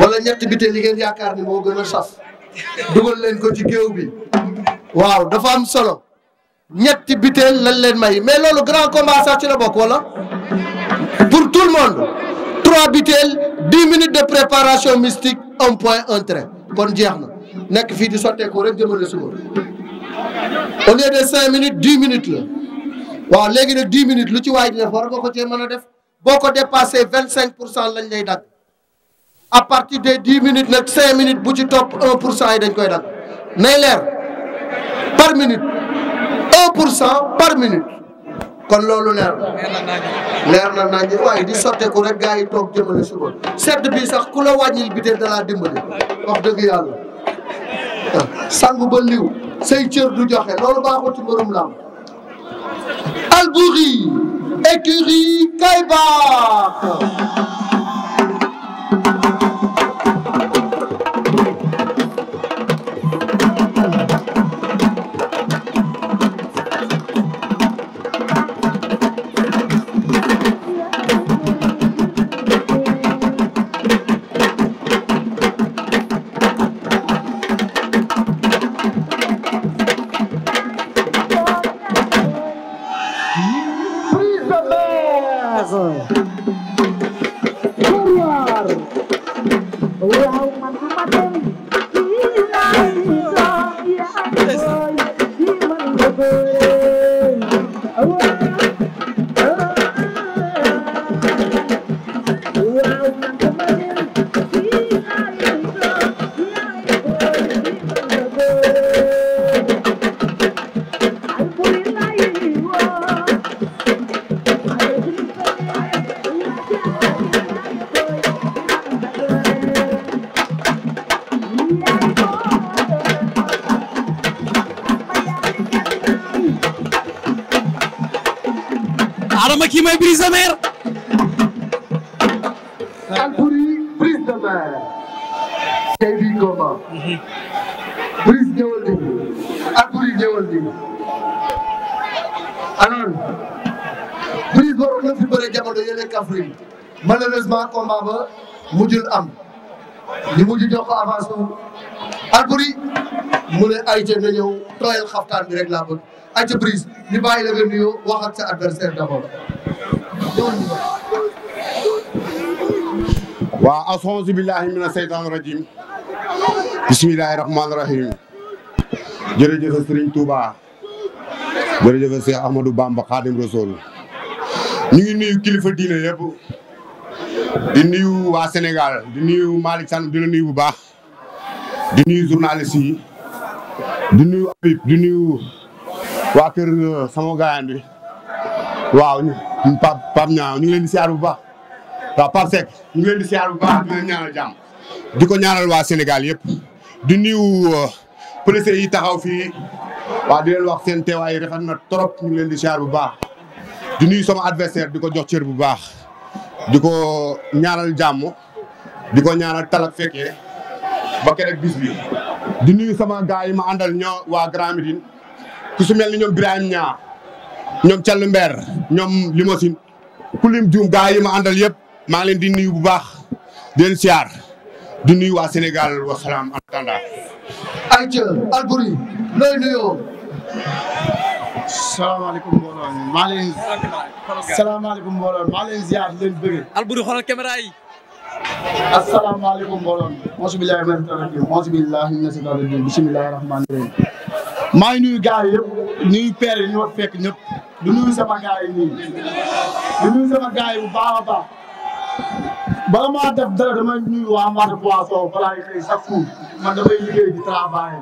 wala ñetti bitéel yi ngeen yaakaar ni moo gën a saf dugal leen ko ci géew bi waaw dafa am solo ñetti bitéel lañ leen may mais loolu grand combat sax ci la bokk wala pour tout le monde trois bitéel dix minutes de préparation mystique un point un trait kon jeex na nekk fii di sotteeku rek jëmale suba au lieu de cinq minutes dix minutes la waaw léegi nag dix minutes lu ci waay di def war nga ko cee mën a def boo ko dépassé vingt cinq pour cent lañ lay dagg à partir de dix minutes nag cinq minutes bu ci topp un pour cent yi dañ koy dagg nay leer par minute un pour cent par minute kon loolu leer na leer na nañ waaye di sotteeku rek gars yi toog jëmale suba sedd bi sax ku la wàññil bi tee dalaa dimbali wax dëgg yàlla sangu ba liw say cër du joxe loolu baaxul ci mbërum lamb Albouri écurie kay baax ma kii mooy Brise de Mer. Albouri Brise de Mer. tey bii Goma. Brise ñëwal di Albouri ñëwal di alors Brise waroon na fi bëre jamono yële Kaffrine malheureusement combat ba mujjul am ñu mujj jox ko avance Albouri mu ne ayca na ñëw tooyal xaftaan bi rek laa bëgg. acca brise ñu bàyyi la nga nuyoo wax ak sa adversaire d'abord. waa auzu billaahi mina seytaani rajiim bismillaahi rahmaani rahiim jërëjëf Sëriñ Tuuba jërëjëf Cheikh Ahmadou Bamba Xaadim Rasuul ñu ngi nuyu kilifa diine yëpp di nuyu waa Sénégal di nuyu Malick Sane di la nuyu bu baax di nuyu journaliste di nuyu Habib di nuyu waa kër euh, sama gaayaan bi waaw Pape ñu ngi leen di siyaar bu baax waaw Pape Seck ñu ngi jàmm di ko ñaanal waa Sénégal yëpp di nuyu euh, policiers yi taxaw fii waaw di leen wax seen teewaay rafet na trop ñu ngi leen di siyaar bu baax di nuyu sama adversaire di ko jox cër bu baax di ko ñaanal jàmm di ko ñaanal talak fekkee ba keroog bis bi di nuyu sama gaay yi ma àndal ñoo waa Grand Médine ku su mel ni ñoom Birahim ñaar ñoom Thiel Mber ñoom Limousine ku lim juum gaa yi ma maa leen di nuyu bu baax di leen siyaar di nuyu waa Sénégal wa salaam antanda ay Thiel Alboury looy nuyoo. salaamaaleykum mbooloo mi maa leen. salaamaaleykum mbooloo mi maa leen ziar di leen bëggee. Alboury xoolal caméra yi. asalaamaaleykum mbooloo mi. mosu billahi rahmaani rahim mosu billahi mina seytaani rajim bismillahi rahmaani maa ngi nuyu gars yi yëpp nuyu père ñu war fekk ñëpp du nuyu sama gars yi du nuyu sama gars yi bu baax a baax bala maa def dara dama nuyu waa Matam Poisson balaa ngay xëy man damay liggéey di travail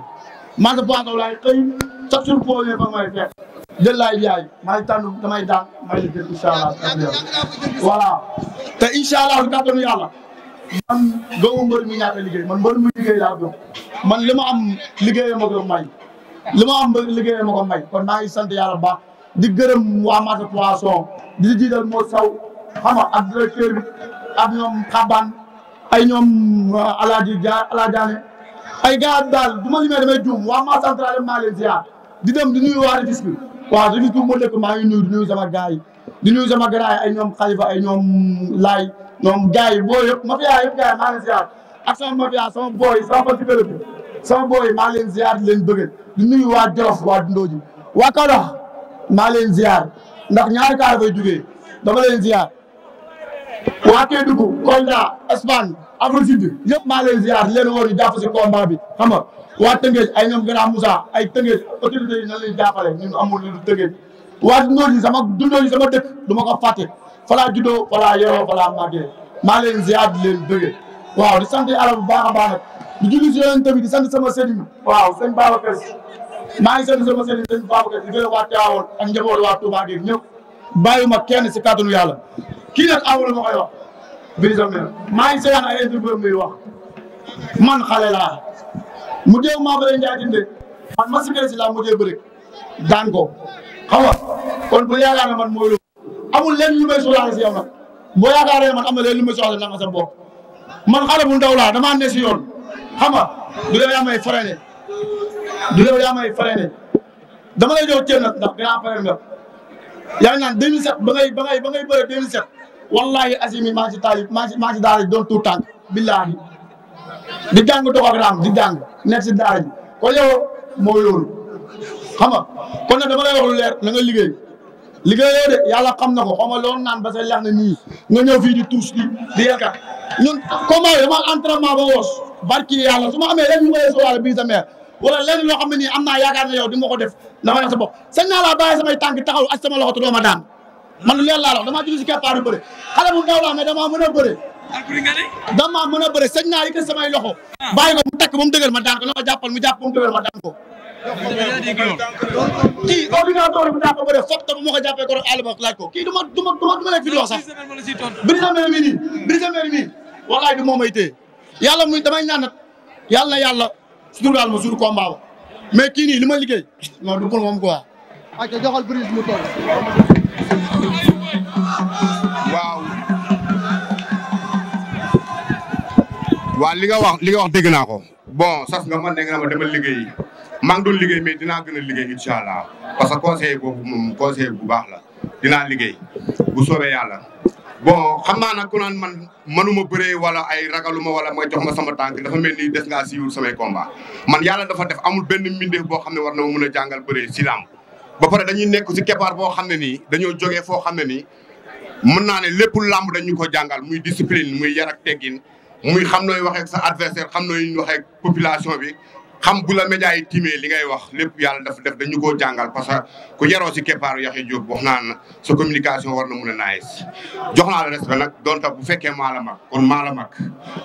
Matam Poisson laay xëy chaque jour boo ba may fekk. jël laay jaay may tànn damay daan may liggéey incha allah voilà te incha allah du kàttanu yàlla. man doomu mbër mi ñaata liggéey man mbër mi liggéey laa man li ma am liggéeyam ak may. li ma am liggéey ma ko may kon maa ngi sant yàlla baax di gërëm waa marché poisson di jiital moo saw xam nga ak directeur ñoom xabaan ay ñoom alaaji jaar alaajaane ay gars daal du ma limee damay juum waa marché central maa leen di dem di nuyu waa Rufisque bi waaw Rufisque bi mu dëkk maa ngi nuyu di nuyu sama gars yi di nuyu sama gars ay ñoom xalifa ay ñoom laay ñoom gars yi boo yëpp mafia yëpp gars yi maa leen ziar ak sama mafia sama booy sama partibéle sama booy maa leen ziar di leen bëgg di nuyu waa Jolof waa Ndooji waa Kaolack maa leen ndax ñaari kaar fay jugee dama leen ziar waa Kédougou Kolda Espagne Afrique sud yëpp maa leen ziar leen woon ñu jàpp si combat bi xam nga waa Tëngéej ay ñoom Grand Moussa ay Tëngéej autorité yi nan lañ jàppale ñun amul lu Tëngéej waa Ndooji sama Ndooji sama dëkk du ko fàtte fa laa juddoo fa laa yoroo fa laa màggee di leen bëggee waaw di sant yàlla bu baax di julli si yonent bi di sama sëriñ waaw sëñ Babacar maa ngi sant sama sëriñ sëñ Babacar di gërëm waa Tivaouane ak njaboot waa Touba gi ñëpp bàyyiwuma kenn si kàttanu yàlla kii nag awul ma koy wax Brise de Mer maa ngi seetaan ay wax man xale laa mu déew maa bëre Njaay man ma si si laa mu dee bëri daan ko xam nga kon bu yaakaar ne man mooy lu amul leen lu may soxlaale si yow nag boo yaakaaree man am leen lu may soxlaale na nga sa bopp man xale bu ndaw laa damaa si yoon xam nga du yow yaa may freiné du yow yaa may freiné dama lay jox cër nag ndax grand frère yaa naan 2007 ba ngay ba ngay ba ngay bëre 2007 wallaahi asimi maa ngi si taalib maa ngi si maa ngi si daara ji doon tuut tànk billaahi di jàng doxagram di jàng nekk si daara ji kon moo yoolu xam nga kon nag dama lay wax lu leer na nga liggéey liggéeyoo de yàlla xam na ko xaw ma loolu naan ba say lex na nii nga ñëw fii di tuus di di yelkat ñun combat yi dama entraînement ba woos barki yàlla su ma amee leen ñu koy sóoraale loo xam ne am na yaakaar ne yow di nga ko def na ne sa bopp sañ naa laa bàyyi samay tànk taxaw ak sama loxo te doo ma daan man lu leen laa wax damaa judd si keppaar yu bëri xale bu ndaw a bëri damaa mën a sama sañ naa yëkkati samay loxo ah. bàyyi ko mu takk ba mu ma daan ko na ma jàppal mu jàpp ba mu ma daan ko kii ordinateur bu daa ko bëri foog te bu ma ko jàppee ko àll ba laaj ko kii du ma ma fi doo sax brisemaire mii nii brisemaire mii wallaay du moom may yàlla muy damay ñaanat yàlla na yàlla suturaal ma suur combat ba mais kii nii li ma liggéey non du pour moom quoi. ayca joxal brise mu toll. waaw. waaw li nga wax li nga wax dégg naa ko. bon sas nga man ne nga ma dama liggéey maa doo doon liggéey mais dinaa gën a liggéey incha allah parce que conseil boobu moom bu baax la dinaa liggéey bu soobee yàlla. bon xam naa nag ku naan man manuma bëree wala ay ragaluma wala ma jox ma sama tànk dafa mel ni des ngaa siiwul samay komba man yàlla dafa def amul benn mbindeef boo xam ne war na ma mën a jàngal bëree si làmb ba pare dañuy nekk si keppaar boo xam ne nii dañoo jógee foo xam ne nii mën naa ne lépp làmb dañu ko jàngal muy discipline muy yar ak teggin muy xam nooy waxee ak sa adversaire xam nooy waxee ak population bi xam bu la média yi timee li ngay wax lépp yàlla daf def dañu koo jàngal parce que ku yaroo si keppaaru Yaxya Jóob wax naa na sa communication war na mun na naayes jox na la respect nag doon bu fekkee maa la mag kon maa la mag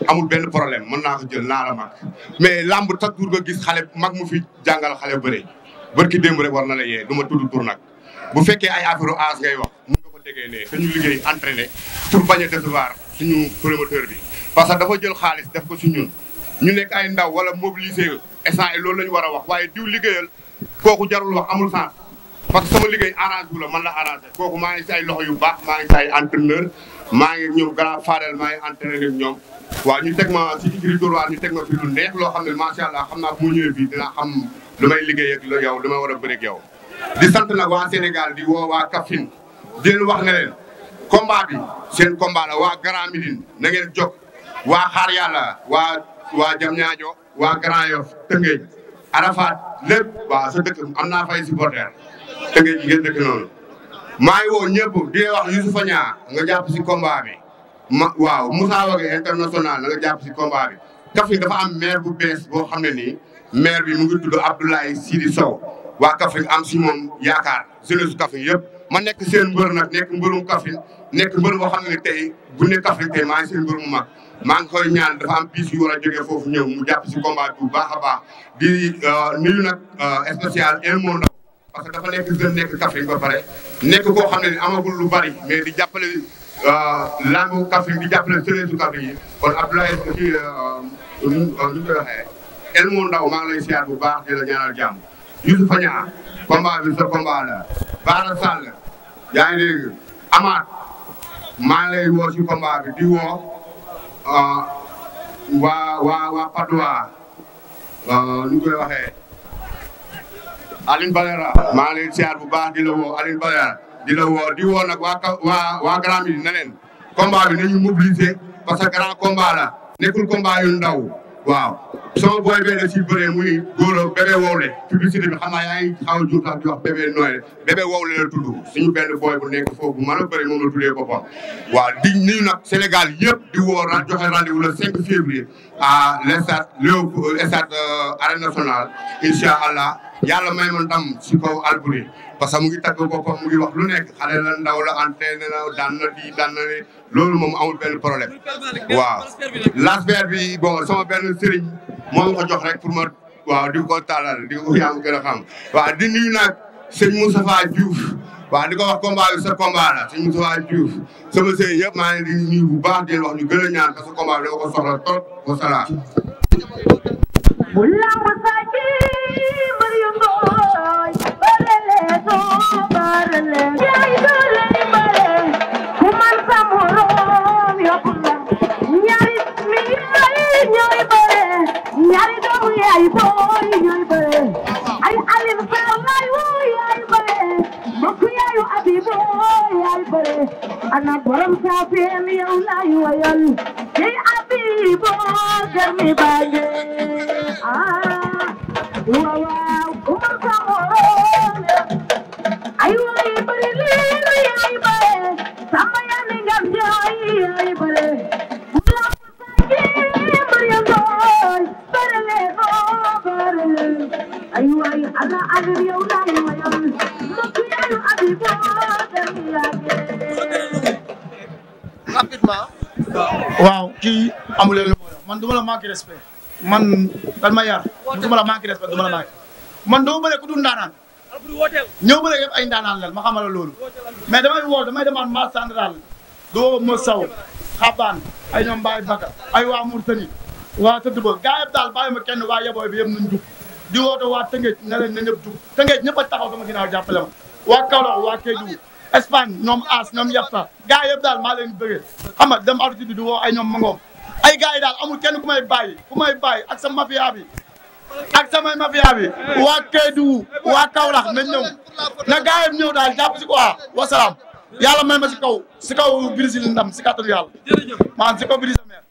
amul benn problème mën naa ko jël naa la mag mais làmb chaque jour nga gis xale mag mu fi jàngal xale bëri bërki démb rek war na la yee du ma tudd tur nag bu fekkee ay affaire aas ngay wax mun nga ko déggee ne suñu liggéey entraîné pour bañ parce que dafa jël xaalis def ko si ñun ñu nekk ay ndaw wala mobiliser essai loolu la ñu war a wax waaye diw liggéeyal kooku jarul wax amul sens parce que sama liggéey arrange wu la man la arrangé kooku maa ngi si ay loxo yu baax maa ngi si ay maa ngi ñoom grand Fadel maa ngi entraîneur ak ñoom waaw ñu teg ma si igri dóorwaar ñu teg fi lu neex loo xam ne macha allah xam naa bu mu ñëwee bii dinaa xam lu may liggéey ak yow lu may war a bëri ak di sant nag waa Sénégal di woo waa Kaffrine di leen wax ne leen combat bi seen combat waa Grand Médine na ngeen waa xaar yàlla waa waa Diamniadio waa Grand Tëngéej Arafat lépp waaw sa dëkk am naa fay supporter Tëngéej ngeen dëkk noonu. maa ngi woo ñëpp di wax Youssoufa Niang nga jàpp si combat bi ma waaw Moussa Wagué international na nga jàpp si combat bi. Kaffrine dafa am maire bu bees boo xam ne nii maire bi mu ngi tudd Abdoulaye Sidi Sow waa Kaffrine am si moom yaakaar jeunesse su Kaffrine yëpp. ma nekk seen mbër na nekk mbërum Kaffrine nekk mbër boo xam ne tey bu ne tey maa ngi seen mbër mu mag. maa ngi koy ñaan dafa am bis yu a jógee foofu ñëw mu jàpp si combat bu baax a baax di euh, nuyu nag euh, spécial un monde parce que dafa nekk gën nekk Kaffrine ba pare nekk koo xam ne amagul lu bari di jàppale euh, laamu Kaffrine di jàppale sëriñ su yi kon Abdoulaye bu baax di la ñaanal woo si combat di woo Euh, waa waa waa Padoa euh, nu ñu koy waxee Aline maa ngi lay bu baax di la woo Aline di la woo nag waa waa waa Grand ne leen combat bi nañu mobiliser parce que grand combat yu ndaw. waaw sama booy bee da ciy bëree muy góor a bébé wowle publicité bi xam naa yaa ngi xaw a jur di wax bébé nooy bébé wowle la tudd suñu booy bu nekk foofu bu mën a bëri moom la tuddee waaw di nuyu nag Sénégal yëpp di woo ra joxe rendez-vous le a février à l' stade Léopold stade euh, arène allah yàlla may ma ndam si kaw Albury parce que mu ngi tagg boppam mu ngi wax lu nekk xale la ndaw la entraîné loolu moom amul benn problème waaw laspère bi bon sama benn sëriñ moo ma rek pour ma waaw di ko taalal di ko yaa a xam waaw di nuyu nag sëñ Moustapha Diouf waaw di ko wax combat bi sa combat la sama sëriñ yëpp maa ngi nuyu bu baax wax ñu gën a ñaan parce que soxla trop wa salaam ana borom saafeen yow laay wayal yey abi bo garmi baange waaw kii amul leen lu man du ma la manqué respect man dal ma yar du ma la manqué respect du ma la manqué man dama bëre ku dul ndaanaan ñëw bëre yëpp ay ndaanaan lan ma xamal loolu mais damay woo damay demaat ma central du woo ma saw xabaan ay ñoom Mbaye Bakka ay waa Mourtani waa tëdd ba gaa yëpp daal bàyyi ma kenn waa yebooy bi yëpp nañ dugg di woote waa Tëngéej ne leen na ñëpp dugg Tëngéej ñëpp a taxaw sama ginnaaw jàppale ma waa Kaolack waa Kédougou Espagne ñoom As ñoom Yefta gars yëpp daal maa leen bëggee xam nga dem woo ay ñoom mangoom ay gars yi daal amul kenn ku may bàyyi ku may bàyyi ak sa mafia bi ak samay mafia bi waa Kédougou waa Kaolack nañ ñëw na gars yëpp daal jàpp si quoi wasalaam yàlla may ma kaw si kaw Brésil ndam si kàttanu yàlla maanaam si kaw Brésil